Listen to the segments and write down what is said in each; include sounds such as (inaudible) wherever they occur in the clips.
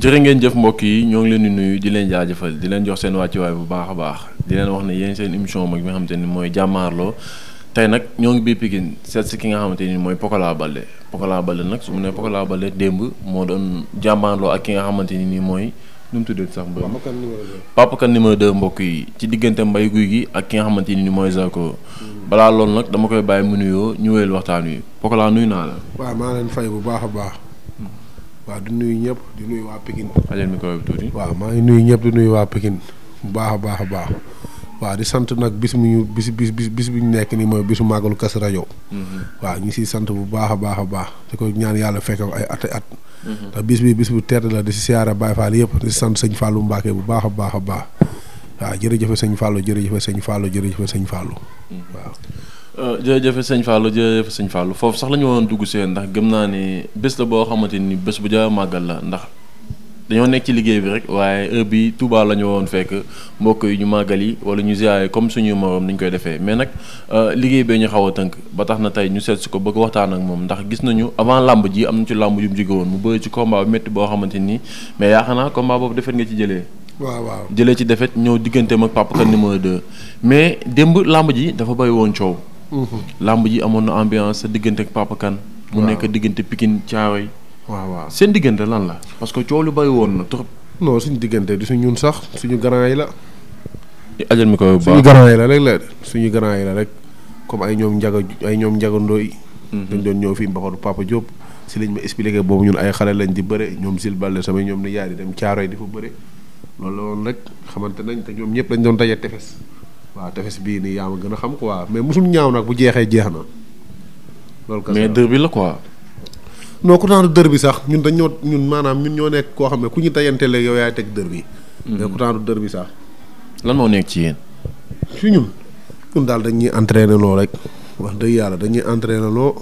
jërë ngeen jëf mbokk yi ñoo ngi leen di nuyu di leen jaajëfal di leen jox seen wàccuwaay bu baax a baax di leen wax ne yéen seen émission mag bi nga xamante mooy jàmmaarloo tey nag ñoo ngi biir Pikine seet si ki nga xamante ni mooy Pokola Baldé Pokola Baldé nag su mu ne Pokola Baldé démb moo doon jàmmaarloo ak ki nga xamante ni nii mooy nu mu tuddee sax mbër Papa Kane numéro 2 mbokk yi ci diggante mbay guy gi ak ki nga xamante ni mooy Zarko balaa loolu nag dama koy bàyyi mu nuyoo ñu wéyal waxtaan wi Pokola nuyu naa fay bu baax a baax waaw du nuyu ñëpp di nuyu waa Pikine. xajal micro bi tuuti. waaw maa ngi nuyu ñëpp di nuyu waa Pikine bu baax a baax a baax waaw di sant nag bis mu ñu bis bis bis bi ñu nekk nii mooy bisu màggalu Kazu rajo mhm. waa ñu siy sant bu baax a baax a baax di ko ñaan yàlla fekk ay at at. ndax mhm. bis bi bis bu tedd la di si siyaare Baye Fall yëpp di sant sëñ Fallou Mbacke bu baax a baax a baax waaw jërëjëf sëñ Fallou jërëjëf sëñ Fallou jërëjëf sëñ Fallou mhm. waaw. Euh, jërëjëf sëñ Fallou jërëjëf sëñ Fallou foofu sax la ñu waroon dugg seen ndax gëm naa ne bés la boo xamante ni bés bu jara màggal la ndax dañoo nekk ci liggéey bi rek waaye heure bi la ñu fekk mbokk yi ñu màggal yi wala ñu ziare comme suñu morom ni ñu koy defee mais nag euh, liggéey bee ñu xaw a tënk ba tax na tey ñu seet si ko bëgg waxtaan ak moom ndax gis nañu avant làmb ji am na ci làmb yu mu jóge woon mu bëri ci combat bu métti boo xamante ni mais yaakaar naa combat boobu defet nga ci jëlee waaw waaw jëlee ci defet ñëw digganteem ak Papa Kane numéro 2 mais démb làmb ji dafa bëri woon coow Mm-hmm. làmb ji amoon na ambiance sa diggante ak Papa Kane mu nekk diggante Pikine yi waaw waaw seen diggante lan la parce que coow lu bari woon na trop. non suñu diggante du suñu ñun sax suñu grand yi la. ajal mi ko baax suñu grand yi la rek la suñu grand yi rek comme ay ñoom njaga ay ñoom njagandoo yi. Mm-hmm. dañ doon ñëw fii Mbaxalu Papa Diop. si lañ ma expliqué boobu ñun ay xale lañ di bëre ñoom Sil Balde sama ñoom ni yaay di dem Thiaroye di fa bëre loolu la woon rek xamante nañ te ñoom ñëpp lañ doon daje tefes. waaw tefes bii nii yaa ma gën a xam ko waa mais mosul ñaaw nag bu jeexee jeex na. loolu kese mais dër bi la quoi. non ku taanu dër bi sax ñun dañ ñun maanaam ñun ñoo nekk koo xam ne ku ñu dajante léegi yow teg dër bi. Mm-hmm. mais ku taanu dër bi sax. lan moo nekk ci yéen. su ñun ñun daal dañuy entraîner loo rek wax dëgg yàlla dañuy entraîner loo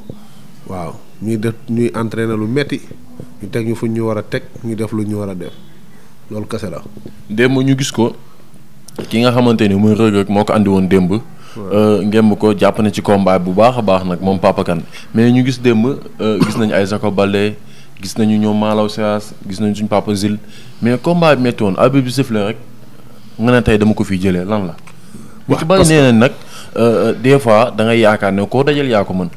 waaw ñuy def ñuy entraîner lu metti teg ñu fu ñu war a teg ñu def lu ñu war a def loolu kese la. démb ñu gis ko. ki nga xamante ni muy Reug moo ko andi woon démb. Euh, ngemb ko jàpp na ci combat bu baax a baax nag moom Papa mais ñu gis démb euh, gis nañu ay Jacob bale gis nañu ñoom Malaw Seras gis nañu suñ Papa Zil mais combat bi métti woon abi bi sëf la rek nga ne tey dama ko fiy jëlee lan la. bu ci bari nee nag euh, des fois da ngay yaakaar ne koo dajal yaa ko mën.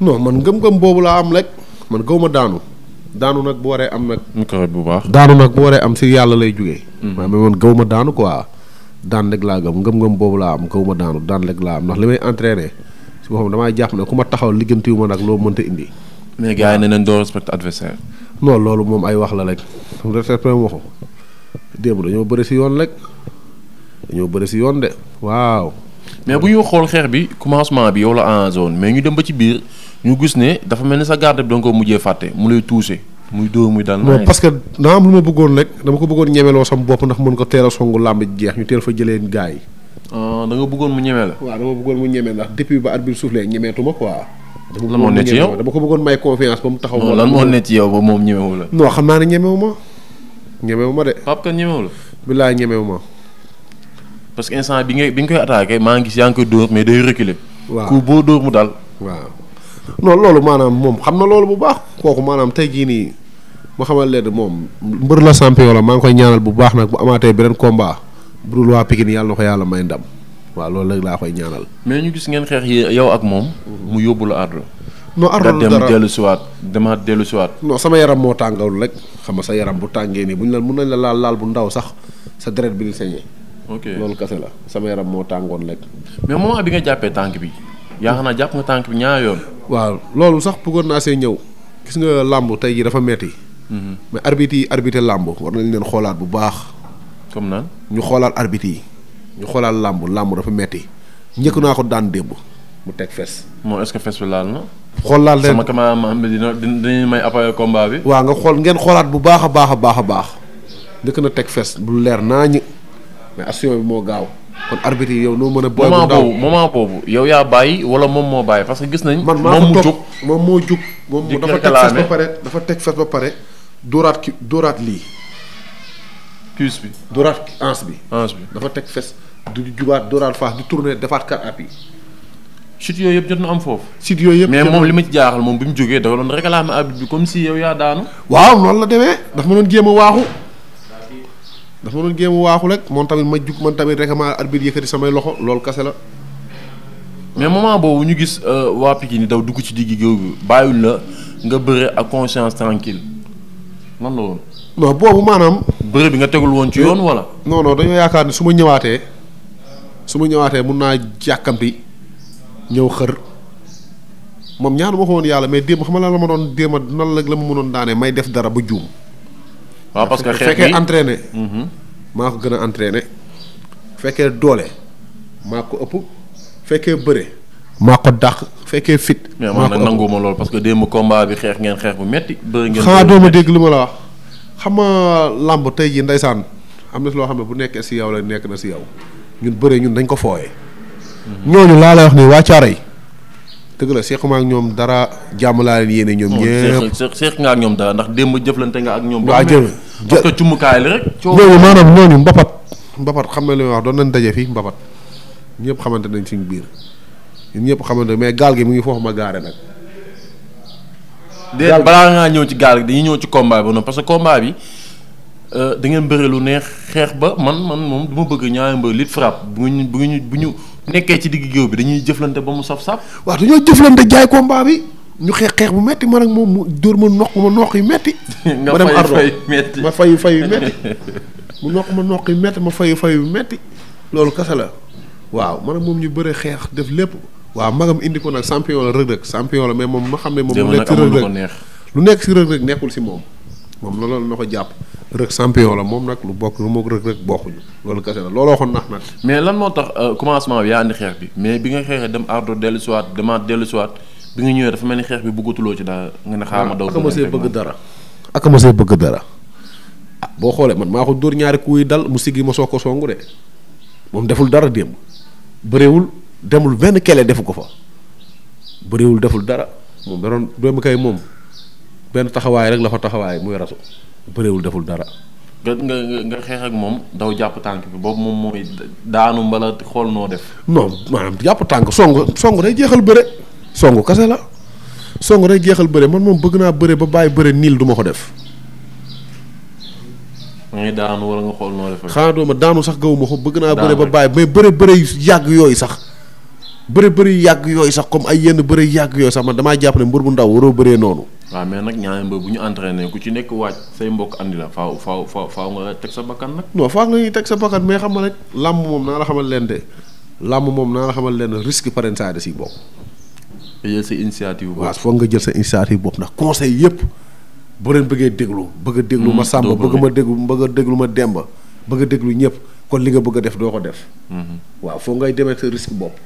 non man ngëm-ngëm boobu laa am rek man gaw ma daanu. daanu nag bu waree am nag. bu baax daanu nag bu waree am si yàlla lay jugee. waaw mm. ma daanu quoi. daan rek laa gëm ngëm-ngëm boobu laa am kaw ma daanu daan rek laa am ndax li may entraîné si boo damay damaa jàpp ne ku ma taxaw liggantiwu ma nag loo mënta indi. mais gars yi ne nañ doo respecté adversaire. non loolu moom ay wax la rek respecté ma ko démb dañoo bëri si yoon rek dañoo bëri si yoon de waaw. mais bu ñu xool xeex bi commencement bi yow la en zone mais ñu dem ba ci biir ñu gis ne dafa mel ni sa garde bi da nga mujjee fàtte mu lay touché. muy dóor muy daan. non parce que daa am lu ma bëggoon rek dama ko bëggoon ñemeloo sama bopp ndax mën ko teel a songu làmb jeex ñu teel fa jëlee gaa yi. Ah, da bëggoon mu ñeme la. waaw dama bëggoon mu ñeme ndax depuis ba arbitre suuf lee ñemeetuma dama ko bëggoon may confiance ba mu taxaw. wala lan moo ne ci yow ba moom ñemewu la. non xam naa ne ñemewu ma ñemewu ma de. Pape Kane parce que instant bi nga bi nga koy attaqué maa ngi gis yaa ngi koy dóor mais day reculer. waaw ku boo dóor mu daal. waaw non loolu maanaam moom xam na loolu bu baax kooku maanaam tey gii nii ma xamal leen moom mbër la champion la maa ngi koy ñaanal bu baax nag bu amaatee beneen combat bu dul waa Pikine yàlla na ko yàlla may ndam waa loolu rek laa koy ñaanal. mais ñu gis ngeen xeex yow ak moom. mu yóbbu la ardo non ardo dara dem dellusiwaat demaat dellusiwaat. non sama yaram moo tàngawul rek xam nga sa yaram bu tàngee nii bu ñu la mun nañ la laal laal bu ndaw sax sa deret bi di sañee. ok loolu kese la sama yaram moo tàngoon rek. mais moment bi nga jàppee tànk bi. yaa naa jàpp nga tànk bi ñaar yoon. waaw loolu sax bëggoon naa see ñëw. gis nga làmb tey jii dafa metti mhm. mais arbitre yi arbitre làmb war nañ leen xoolaat bu baax. comme naan ñu xoolaat arbitre yi ñu xoolaat làmb làmb dafa metti njëkk naa ko daan démb mu teg fes. moo est-ce bi laal na. xool laal leen sama cameraman bi dina dinañ may appareil combat bi. waa nga xool ngeen xoolaat bu baax a baax a baax a baax njëkk na teg fes bu leer naa ñi mais action bi moo gaaw. kon arbitre yi yow noo mën a. booy bu ndaw boobu moment yow yaa bàyyi wala moom moo bàyyi parce que gis nañ. man moom moom moo jug. moom dafa teg fes ba pare dafa teg fes ba pare dóoraat ki dooraat lii. cuisse bi dóoraat bi. anse bi dafa teg fes du jubaat dóoraat faas di tourné defaat kat appui. chute yooyu yëpp jot na am foofu. chute yooyu yëpp mais moom li ma ci jaaxal moom bi mu jógee dafa doon réclamer arbitre bi comme si yow yaa daanu. waaw noonu la demee dafa ma doon jéem a waaxu. dafa ma doon jéem waaxu rek moom tamit ma jug man tamit réclamer arbitre yëkkati samay loxo loolu kase la. mais moment boobu ñu gis euh, waa Pikine daw dugg ci digg géew bi bàyyul la nga bëre ak conscience tranquille nan la woon. non boobu maanaam. bëre bi nga tegul woon ci yoon wala. non non dañoo yaakaar ni su ma ñëwaatee su ma ñëwaatee mun naa bi ñëw xër moom ñaanu ma ko woon yàlla mais démb xam nga la ma doon démb nan la la ma mënoon daanee may def dara ba juum. waaw parce que xeex bi fekkee entraîné. Mhm. maa ko gën a entraîné. fekkee doole maa ko ëpp. fekkee bëre maa ko dàq fekkee fit. maa ko mais nanguma lool parce que démb kombaa bi xeex ngeen xeex bu metti bëri ngeen xanaa doo ma dégg ma la wax xam nga làmb tey jii ndeysaan am na loo xam ne bu nekkee si yow la nekk na si yow ñun bëre ñun dañ ko fooye mhm. ñooñu laa lay wax nii waa Caaro yi dëgg la seexuma ak ñoom dara jàmm laa leen yéene ñoom oh, ñëpp seex seex nga ak ñoom dara ndax démb jëflante nga ak ñoom waa jë parce que cumukaay la rek ñooñu maanaam ñooñu mbapat mbapat xam na li may wax doon nañ daje fi mbapat ñëpp xamante nañ suñ biir ñun ñëpp xamante mais gaal gi mu ngi foofu ma gaare nag. déet balaa ngaa ñëw ci gaal gi dañuy ñëw ci combat bi noonu parce que combat bi euh, da ngeen bëre lu neex xeex ba man man moom du ma bëgg ñaari mbër lit frappe bu ñu bu ñu nekkee ci diggu géew bi dañuy jëflante ba mu saf-saf. waaw dañoo jëflante jaay combat bi ñu xeex xeex bu metti ma ak moom mu dóor ma noq ma noq yu metti. (laughs) nga fay fay ma fay fay yu metti (laughs) mu noq ma noq yu metti ma fay fay yu metti loolu kese la. waaw man ak moom ñu bëre xeex def lépp waaw magam indi ko nag champion la rëg-rëg champion la mais moom ma xam ne moom nekk ci rëg-rëg lu nekk si rëg nekkul si moom moom loolu na ko jàpp rëg champion moom nag lu bokk lu moog rëg loolu kese la looloo ko nax mais lan moo tax euh, commencement bi yaa indi bi mais bi nga xeexee dem ardo dellu siwaat demaat dellu siwaat bi ñëwee dafa mel ni xeex bi bëggatuloo ci daal nga ne ah, xaama daw ak ma see dara ak ma see bëgg dara ah, boo xoolee man maa ko dóor ñaari kuy dal mu siggi ma soog ko songu de moom deful dara démb bëréewul demul benn kele defu ko fa bëréewul deful dara moom da doon kay moom benn taxawaay rek la fa taxawaay muy rasu bëréewul deful dara nga nga nga xeex ak moom daw jàpp tànk bi boobu moom mooy daanu mbala xool noo def non maanaam jàpp tànk song song day jeexal bëre song kase la song day jeexal bëre man moom bëgg naa bëre ba bàyyi bëre niil du ma ko def ngay daanu wala nga xool noo def xanaa dooma daanu sax gawuma ko bëgg naa bëre ba bàyyi mais bëre bëre yu yàgg yooyu sax bëre bëre yàgg yooyu sax comme ay yenn bëre yàgg yooyu sax man damaa jàppale ne mbër bu ndaw waroo bëree noonu waaw mais nag ñaari mbër bu ñu ku ci nekk waaj say mbokk andi la faaw faaw faaw faaw nga teg sa bakkan nag non faaw nga ñuy teg sa bakkan mais xam nga rek làmb moom naa la xamal leen de làmb moom naa la xamal leen risque parrainage saa si bokk jël sa initiative foog nga jël sa initiative boobu ndax conseil yëpp boo leen bëggee déglu bëgg déglu ma mm, sàmba bëgg ma déglu bëgg a déglu ma demba bëgg déglu ñëpp kon li nga bëgg a def doo ko def mm-hmm. waaw foo ngay demee sa risque bopp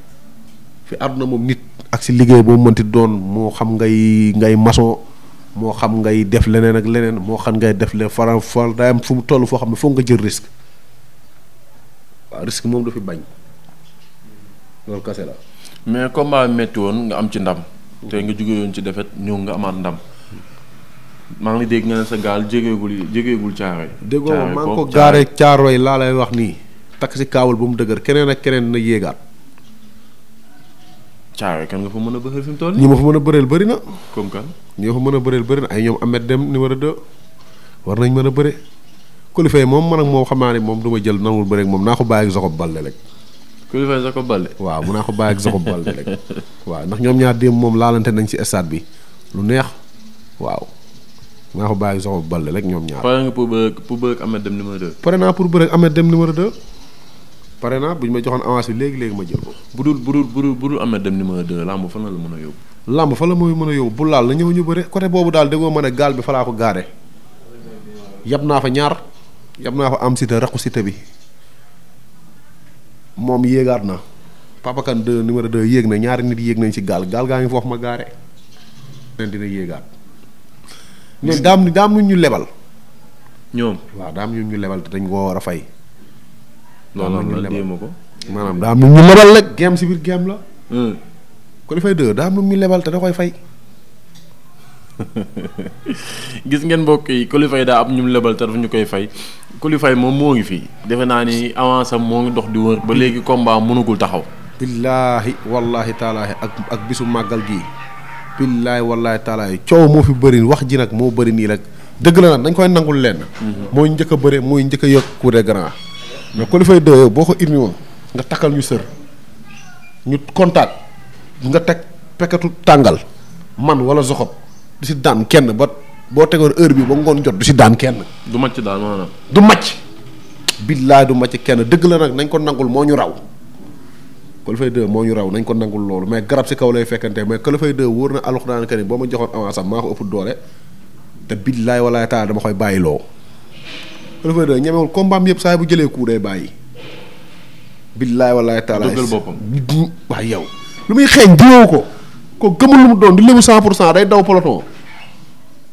fi àdduna moom nit ak si liggéey boo mënti doon moo xam ngay ngay maçon moo xam ngay def leneen ak leneen moo xam ngay def leen faral far day am fu mu toll foo xam ne foog nga jël risque waaw risque moom du fi bañ loolu kase la mais combat métti woon nga am ci ndam te nga jóge woon ci defet ñëw nga amaat ndam maa ngi dégg nga ne sa gaal jégeegul jégeegul caaroy. déggoo maa ko gaaree caaroy laa lay wax nii. takk si kaawul ba mu dëgër keneen ak keneen na yéegaat. caaroy kan nga fa mën a bëreel fi mu toll ñi ma fa mën a bëreel bëri na. comme kan ñi ma fa mën a bëreel ay ñoom Ahmed Dem numéro 2 war nañ mën a bëre. Kulifay moom man ak moom xam naa ne moom du ma jël nanguwul bëre moom naa ko bàyyi ak Jacob Baldé rek. Kulifay Jacob Baldé. waaw mun naa ko bàyyi ak Jacob Baldé rek. (laughs) waaw ndax ñoom ñaar démb moom laalante nañ si stade bi lu neex waaw naa ko bàyyi soxla Balla rek ñoom ñaar. pare nga pour bë pour bëgg Ahmed Deme numéro 2. pare naa pour bëgg Ahmed Deme numéro pare naa bu ñu ma joxoon avance bi léegi léegi ma jël ko. bu dul bu dul bu dul bu dul Ahmed làmb a yóbbu. làmb fa la mooy mën a yóbbu bu laal la ñëw ñu bëre côté boobu daal déggoo ma ne gaal bi fa laa ko gaare yab naa fa ñaar yab naa fa am site raqu site bi moom yéegaat na Papa Kane 2 numéro yéeg na ñaari nit yéeg nañ ci gaal gaal gaa ngi foofu ma gaare. ren dina yéegaat. ñoom daam daam ñu lebal. ñoom waaw daam ñu ñu lebal te dañ koo war a fay. loolu ñu lebal maanaam daam ñu si biir géem la. Hmm. ko li fay ñu lebal te da koy fay. (laughs) gis ngeen mbokk yi Coly daa am ñu lebal te dafa ñu koy fay Coly moom moo ngi fi defe naa ni avance am moo ngi dox di wër ba léegi combat mënugul taxaw. billaahi wallaahi taalaahi ak ak bisu màggal gii. billaay wallaay taalaay coow moo fi bëri wax ji nag moo bari nii rek dëgg la nag dañ koy nangul lenn. Mm-hmm. mooy njëkk a bëri mooy njëkk a yëg coup de grand. mais ko li fay dëyoo boo ko indi nga takkal ñu sër ñu contact nga teg pekkatu tàngal man wala zoxob du si daan kenn ba boo tegoon heure bi ba ngoon jot du si daan kenn. du màcc daal maanaam. du màcc. billaay du màcc kenn dëgg la nag nañ ko nangul moo ñu raw. Colifay 2 moo ñu raw nañ ko nangul loolu mais garab si kaw lay fekkante mais Colifay 2 wóor na alxuraan kani boo ma joxoon avance am maa ko ëpp doole te billaay walaay taala dama koy bàyyi loo Colifay 2 ñemewul kombaam yëpp saa bu jëlee kuu day bàyyi. billaay walaay taala dëggal boppam waaye yow. lu muy xeeñ jiwoo ko ko gëmul lu mu doon di lébu 100 pour cent day daw peloton.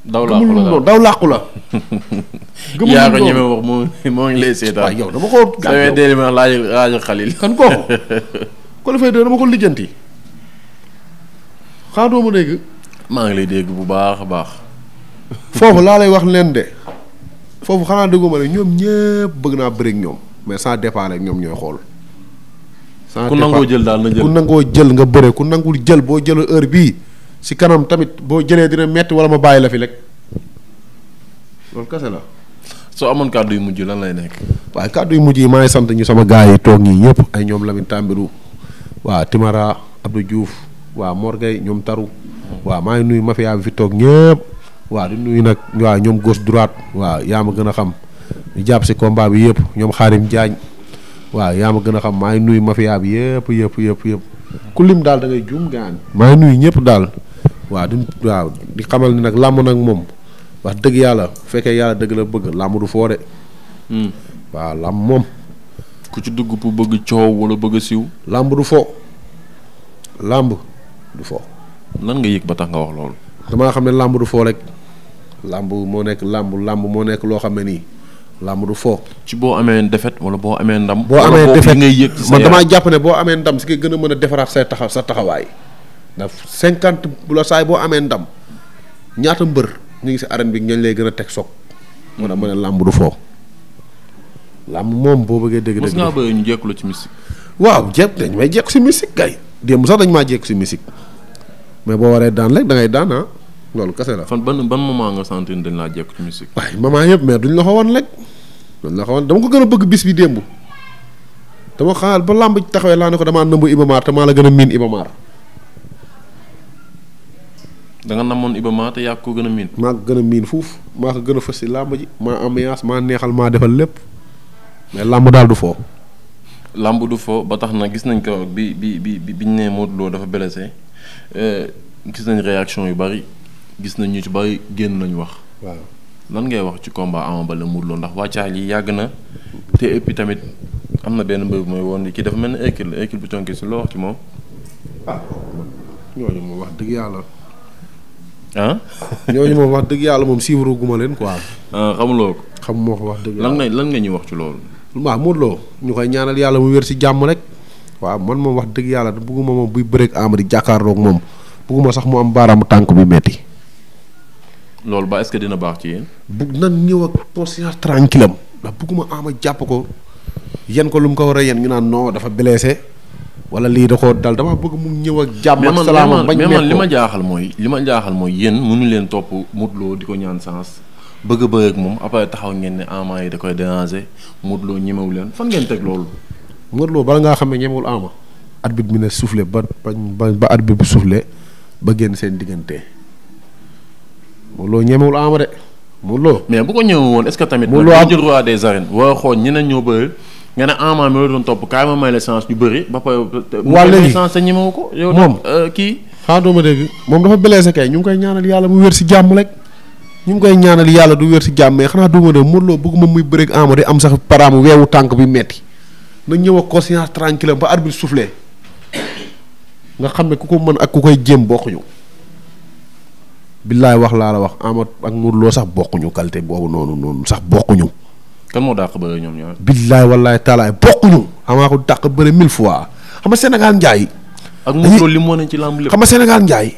daw làqu la daw daw làqu la. (laughs) gëmul yaa ko ñeme wax moo moo ngi lay seetaan. waaw ko gàllankoor. (laughs) Qualifier 2 dama ko lijjanti xanaa doo ma dégg maa ngi lay dégg bu baax a baax. foofu laa lay wax leen de foofu xanaa dégguma ne ñoom ñëpp bëgg naa bëri ñoom mais sans départ rek ñoom ñooy xool. sans ku jël daal na jël nangoo jël nga bëre nangul jël boo jëlul heure bii si kanam tamit boo jëlee dina metti wala ma bàyyi la fi rek loolu kese la. soo amoon kàddu yu mujj lan lay nekk. waaye kàddu yu mujj yi maa ngi sant ñu sama gars yi toog ñii ñëpp ay ñoom Lamine Tambirou. waa Timara Abdou Diouf waa Morgay ñoom Taru waa maa ngi nuyu mafia bi fi toog ñëpp waa di nuyu nag waa ñoom goos droite waa yaa ma gën a xam di jàpp si combat bi yëpp ñoom Xaarim Jaañ waa yaa ma gën a xam maa ngi nuyu mafia bi yëpp yëpp yëpp yëpp ku lim daal dangay juum gaan maa ngi nuyu ñëpp daal waaw di xamal ni nag làmb nag moom wax dëgg yàlla fekkee yàlla dëgg la bëgg làmb du foore hmm. waaw làmb moom ku ci dugg pour bëgg coow wala bëgg siw siiw. làmb du fo. làmb du fo. nan nga yëg ba tax nga wax loolu. damaa xam ne làmb du fo rek. làmb moo nekk làmb làmb moo nekk loo xam ne nii làmb du fo. ci boo amee défaite wala boo amee ndam. boo amee défaite ngay yëg man damaa jàpp ne boo amee ndam si nga gën a mën a defaraat say taxaw sa taxawaay. ndax cinquante bu la saay boo amee ndam ñaata mbër ñu ngi si arène bi ñañ lay gën a teg soog. moo tax ma ne làmb du fo. làmb moom boo bëggee dëgg dëgg mos ngaa bëgg ñu jékku la ci musique. waaw jékku dañ may jékku si musique kay démb sax dañ maa jékku si musique mais boo waree daan rek da ngay daan ah loolu kese la. fan ban ban moment nga sentir dañ laa jékku ci musique. waaye moment yëpp mais duñ la ko wan rek duñ la ko wan ko gën a bëgg bis bi démb dama xaal ba làmb taxawee laa ne ko damaa nëmb Ibamaar te maa la gën a miin Ibamaar. da nga namoon Iba maa te yaa ko gën a miin. maa gën a miin fuuf maa ko gën a fës si làmb ji maa ambiance maa neexal maa defal lépp. mais làmb daal du foo. làmb du foo ba tax na gis nañ ko bi bi bi biñ nee Modou Lo dafa blessé euh, gis nañ réaction yu bari gis nañ ñu ci bari génn nañu wax. lan ngay wax ci combat Ama Baldé Modou Lo ndax wàccaay yi yàgg na te et tamit am na benn mbir mooy woon kii dafa mel ni écurie la écurie bu conkee si loo wax ci moom. ah ñooñu moom wax dëgg yàlla. ah. (laughs) ñooñu moom wax dëgg yàlla moom suivre leen quoi. ah xamuloo ko. xamuma ko wax lan nga lan nga ñuy wax ci loolu. waa Modou loo ñu koy ñaanal yàlla mu wér ci jàmm rek waaw man moom wax dëgg yàlla bugguma moom buy bëreeg Amady jàkkaarloog moom bugguma sax mu am baaraamu tànk bi metti loolu ba est que dina baax ci yéen. bugg nan ñëw ak conscience tranquille am ndax bugguma ama jàpp ko yen ko lu mu ko war yen ñu naan non dafa blessé wala lii da koo dal dama bëgg mu ñëw ak. jàmm ak salaam bañ man li ma jaaxal mooy li ma jaaxal mooy yéen mënu leen topp Modou Lo di ko ñaan sens. bëgg a bëgg ak moom après taxaw ngeen ne Ama yi da koy déranger Modou Lo ñemewu leen fan ngeen teg loolu. Modou Lo bala ngaa xam ne ñemewul Ama. arbitre bi ne soufflé ba ba ba arbitre bi soufflé ba génn seen diggante Modou Lo ñemewul Ama de Modou Lo. mais bu ko ñëwee woon est-ce que tamit. Modou Lo am roi des arènes war a xool ñeneen ñoo bëri. nga ne mi la doon topp kaay ma may la chance yu bëri ba pare. wàll yi chance te ñemewu ko. moom euh, kii. xaaral ma dégg moom dafa blessé ñu ngi koy ñaanal yàlla mu si jàmm rek. ñu ngi koy ñaanal yàlla du wér si jàmm mais xanaa du ma ne Modou Lo bëgguma muy bëreeg Ama di am sax paraam weewu tànk bi metti na ñëw ak conscience tranquille ba arbitre soufflé nga xam ne ku ko mën ak ku koy jéem bokkuñu billaay wax laa wax Ama ak Modou Lo sax bokkuñu qualité boobu noonu noonu sax bokkuñu. kan moo dàq bëre ñoom ñoom. billaay wallaay taalaay bokkuñu xamaa ko dàq bëre mille fois xam nga Sénégal njaay. ak Modou ci lamb lépp xam nga Sénégal njaay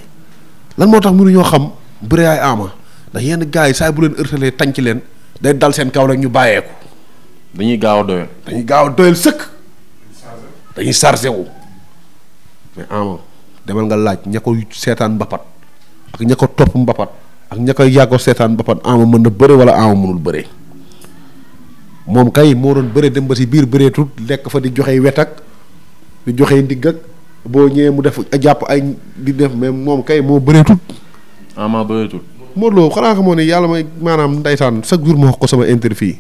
lan moo tax mënuñoo xam bëre ay Ama. ndax yenn gaa yi saa bu leen ërtalee tànc leen day dal seen kaw rek ñu bàyyeeku. dañuy gaaw a doyal. dañuy gaaw a doyal sëkk. dañuy chargé wu. mais ama demal nga laaj ña ko seetaan mbapat ak ña ko topp mbapat ak ña ko yàggo seetaan mbapat ama mën na bëre wala ama mënul bëre moom kay moo doon bëre dem ba si biir bëreetut lekk fa di joxe wet ak di joxe ndigg ak boo ñëwee mu def jàpp ay di def mais moom kay moo bëreetut. ama bëreetut. Modou Lo xanaa xamoo yàlla mooy maanaam ndeysaan chaque jour ma wax ko sama interview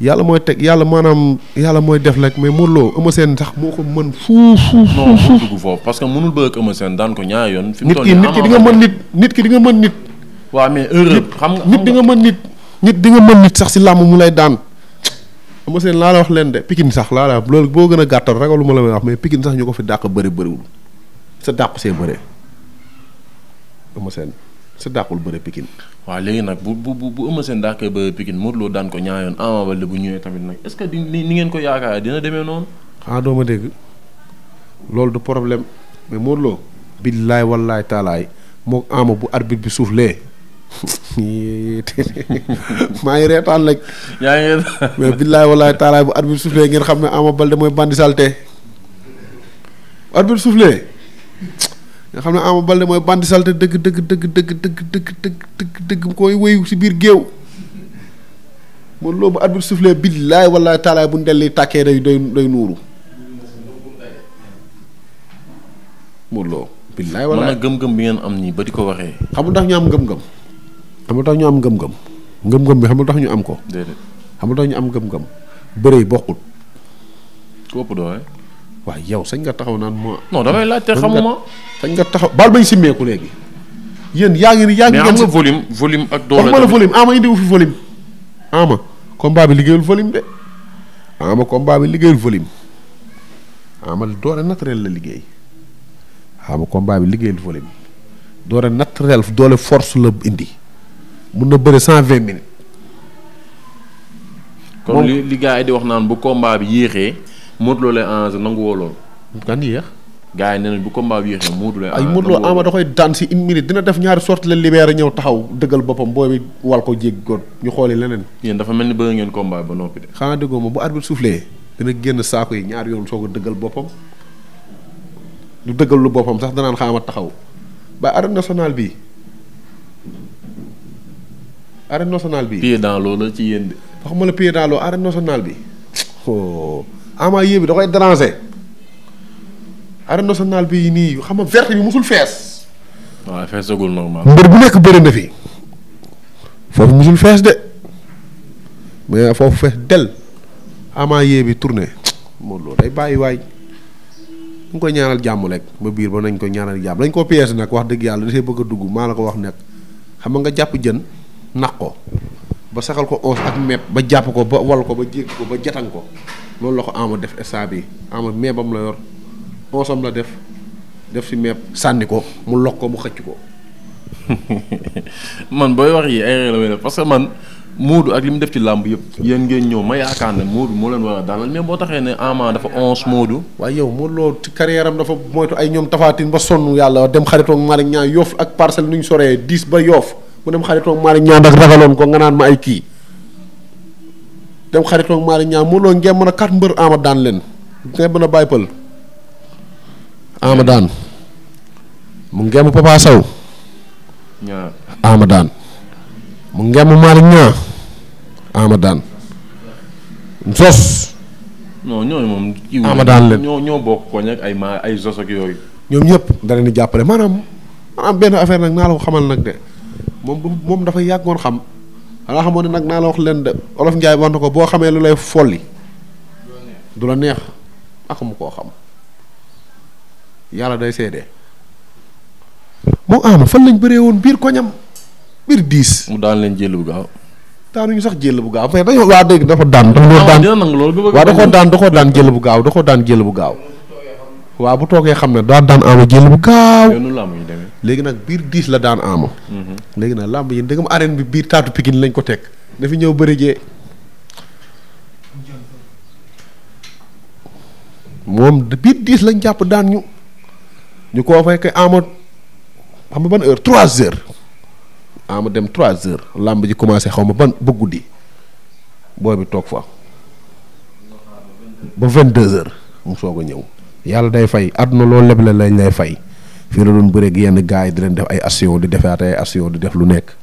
yàlla mooy teg yàlla maanaam yàlla mooy def rek may Modou Lo Eumeu sax moo ko mën fuuf fuuf non mu parce que mënul bëgg Eumeu Sène daan ko yoon fi mu toll nit ki nit ki di mën nit nit ki di mën nit waaw mais xam nga nit di nga mën nit nit di nga mën nit sax si làmb mu lay daan Eumeu Sène laa la wax leen de Pikine sax laa la wax loolu boo gën a gàttal ragalu ma la may wax mais Pikine sax ñu ko fi dàq bëri bëriwul sa dàq see bëree sa dàqul bëre Pikine. waaw léegi nag bu bu bu Eumeu Sène daa koy bëre Pikine Modou Lo daan ko ñaari yoon Ama bu ñëwee tamit nag est di ni ngeen ko yaakaar dina demee noonu. ah doo ma dégg loolu du problème mais Modou bu bi suuf lee. (laughs) maa ngi reetaan rek. yaa ngi mais billaay wallaay taalaay bu arbitre suuf lee ngeen xam ne Ama Baldé mooy bandi salté arbitre suuf lee nga xam ne Ama Baldé mooy bandi salte dëgg dëgg dëgg dëgg dëgg dëgg dëgg dëgg bu koy wéyu si biir géew man loolu bu at bi soufflé billaay wala taalaay bu ndelli tàkkee day day day nuuru Modou Lo billaay wala man gëm-gëm bi ngeen am nii ba di ko waxee xam nga tax ñu am ngëm-ngëm xam nga tax ñu am ngëm-ngëm ngëm-ngëm bi xam nga tax ñu am ko déedéet xam tax ñu am ngëm-ngëm bëre bokkut ku waaw yow sañ nga taxaw naan ma. non damay laajte xamuma. sañ nga taxaw baal bañ simmeeku léegi. yéen yaa ngi ni yaa ngi. mais am nga volume volume ak. doole bi liggéeyul volume bi liggéeyul volume. ama doole naturel la liggéey. ama combat bi liggéeyul volume. doole naturel doole force la indi. mun na bëre cent kon li li gars di wax naan bu combat bi yéexee. Modou Lo lay arrangé nangu woo loolu. kan yéex. gars yi nee bu combat bi yéexee Modou Lo ay Modou Lo Ama da koy daan si minute dina def ñaari sorte la libéré ñëw taxaw dëggal boppam booy bi wal ko jéggi góor ñu xoolee leneen. yéen dafa mel ni bëgg ngeen combat ba noppi de. xanaa déggoo ma bu arbitre soufflé dina génn saako yi ñaari yoon soo ko dëggal boppam lu dëggal lu boppam sax dana xaamat taxaw ba arène nationale bi arène nationale bi. pied dans ci yéen de. waxuma la pied dans l'eau arène nationale bi. Oh. ama yéen dafay da koy déranger. arène nationale bi nii xam nga verte bi musul fees. waaw feesagul normal. mbër bu nekk bëri na fi foofu musul fees de mais foofu fees del ama yéen bi tourné moom loolu day bàyyi waay. ñu ko koy ñaanal jàmm rek ba biir ba nañ ko ñaanal jàmm dañ ko pièce nag wax dëgg yàlla dafay bëgg a dugg maa la ko wax nekk xam nga jàpp jën naq ko ba saxal ko os ak mepp ba jàpp ko ba wal ko ba jégg ko ba jatan ko loolu la ko ama def instant bi ama meebam la yor oosam la def def si meeb sànni ko mu lox ko mu xëcc ko. (laughs) man booy wax yii ay réew la parce man Moodu ak li mu def ci làmb yëpp yéen ngeen ñëw ma yaakaar ne Moodu moo leen war a daanal mais boo taxee ne Ama dafa onze Moodu. waaye yow Moodu loolu ci carrière am dafa moytu ay ñoom tafaatin ba sonn yàlla dem xaritoog Malick Niang yoof ak parcelle nu ñu soree dix ba yoof mu dem xaritoog Malick Niang ndax ragaloon ko nga naan ma ay kii. dem xaritoog Malick Niang mu loo ngeen mën a kat mbër ama daan leen ngeen mën a bàyyi pël ama daan mu ngeem Papa Sow ama daan mu ngeem Malick Niang ama Zos. non ñooñu ñoo bokk koñ ak ay Zos ak yooyu. ñoom ñëpp da leen di jàppale maanaam maanaam benn affaire nag naa la ko xamal nag de moom moom dafa yàggoon xam. xanaa xamoon ni nag naa la wax leen de olof njaay wax na ko boo xamee lu lay folli du la neex ak ah, koo xam yàlla day seede moom ama fan lañ bëree woon biir koñam biir diis. mu daan leen jël bu gaaw. daanuñu sax jël bu gaaw mais dañoo waa dafa daan. dafa ah, daan da daan da koo daan jël bu gaaw da daan jël bu gaaw. waaw bu toogee xam ne daa daan ama jël bu gaaw. léegi nag biir diis la daan ama mm-hmm. léegi nag làmb yi ndegam arène bi biir taatu Pikine lañ ko teg dafi ñëw bëri moom biir diis lañ jàpp daan ñu ñu koo fekkee kay ama xam nga ban heure trois heures ama dem trois heures làmb ji commencé xaw ma ban ba guddi booy bi toog fa ba vingt deux heures mu soog a ñëw yàlla day fay àdduna loolu leble lañ lay fay fii la doon bëreeg yenn gaa yi di leen def ay action di defaat ay action di def lu nekk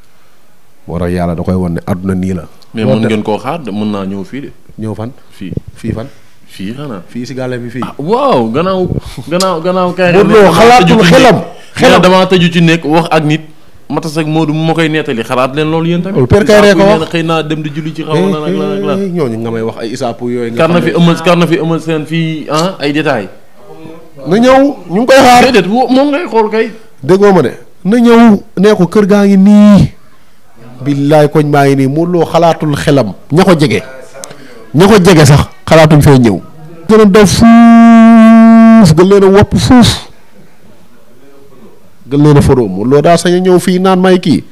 moo tax yàlla da koy wan ne àdduna nii la. mais mën ngeen koo xaar mën naa ñëw fii de. ñëw fan. fii fii fan. fii xanaa fii si gàlle bi fii. Ah, waaw gannaaw gannaaw gannaaw. kay damaa tëju ci nekk wax ak nit. ma tas ak Modou moo xalaat leen loolu yéen tamit. per kay ko wax dem di julli ci xaw na eh, eh, eh, nga may wax ay isaapu yooyu. nga kar na fi ëmmal kar na fi ëmmal seen fii ah, ay détails. na ñëw ñu ngi koy xaar moom ngay xool kay. déggoo ma de na ñëw nee ko kër gaa ngi nii. billaay koñ maa ngi nii mu xalaatul xelam ña ko jege. ña ko jege sax xalaatuñ fee ñëw. gën a daw fuuf gën leen a leen a foroo mu loo daa ñëw fii naan may kii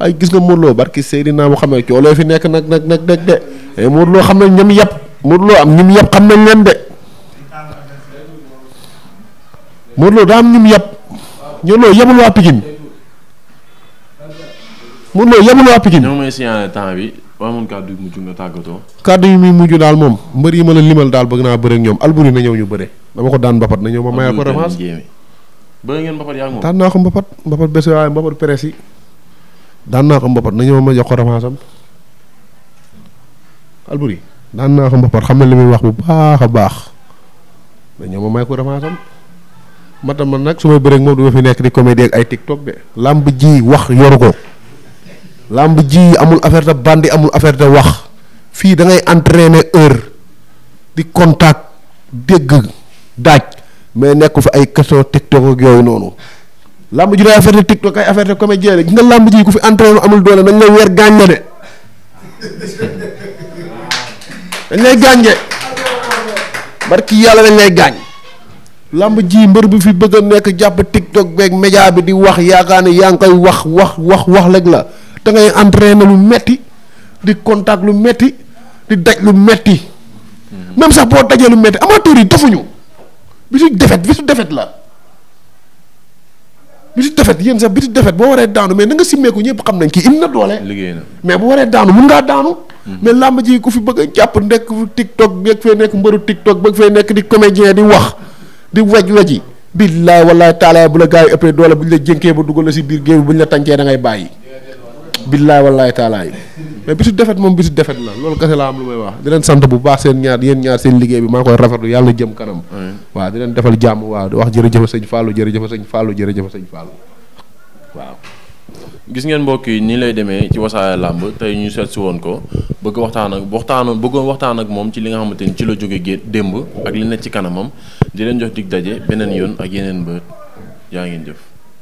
ay gis nga Modou Lo barki Seydina Muhammad cooloo fi nekk nag nag nag de de eh, Modou xam nañ ñam yàpp Modou am ñim yàpp xam nañ leen Modou Lo daa am ñum yab Modou Lo yabul waa Pikine Modou Lo yabul waa Pikine. ñoo kàddu yu tàggatoo. kàddu yu muy mujj daal moom mbër yi ma la limal daal bëgg naa bëre ak ñoom Albouri na ñëw ñu bëre dama ko daan mbapat na ñëw ma mayaa ko revanche. bëri ngeen mbapat yaa ngi moom. daan naa ko mbapat mbapat bés waaye daan naa ko mbapat na ñëw ma jox ko revanche am Albouri daan xam na li muy wax bu baax a baax na ñëw ma may ko revanche matam man nag su may bëreeg moom du fi nekk di comédie ak ay tiktok de làmb ji wax yoru ko làmb ji amul affaire de bandi amul affaire de wax fii dangay ngay entraîner heure di contact dégg daaj mais nekku fi ay question tiktok ak yooyu noonu làmb ji day affaire de tiktok ay affaire de comédien de gis nga làmb ji ku fi entraîner amul doole dañ lay weer gaañ la de dañ lay gaañ de barki yàlla dañ lay gaañ làmb ji mbër bu fi bëgg a nekk jàpp tiktok beeg média bi di wax yaakaar ne yaa ngi koy wax wax wax wax rek la da ngay entraîné lu metti di contact lu metti di daj lu metti mm-hmm. même sax boo dajee lu metti amateur yi defuñu ñu su defet bi defet la bi su defet yéen sax bi su defet boo waree daanu mais na nga simmeeku ñëpp xam nañ kii im na doole. mais bu waree daanu mun ngaa daanu. Mm-hmm. mais làmb ji ku fi bëgg a jàpp ndekk tiktok beeg fee nekk mbëru tiktok beeg fee nekk di comédien di wax. di wej weji billaay wallaay taalaay bu la gars yi ëppee doole bu ñu la jënkee ba dugal la si biir géew bu ñu la tàncee da ngay bàyyi billaay wallaay taalaay mais bisu defet moom bisu defet la loolu kese laa am lu may wax di sant bu baax seen ñaar yéen ñaar seen liggéey bi maa koy rafetlu yàlla na jëm kanam waaw di leen defal jàmm waaw di wax jërëjëf sëñ Fallou jërëjëf sëñ Fallou jërëjëf sëñ Fallou waaw gis ngeen mbokk yi nii lay demee ci wasaare làmb tey ñu seet woon ko bëgg waxtaan ak waxtaanoon bëggoon waxtaan ak moom ci li nga xamante ni ci la jóge gé démb ak li nekk ci kanamam di leen jox dig daje beneen yoon ak yeneen mbër yaa ngeen jëf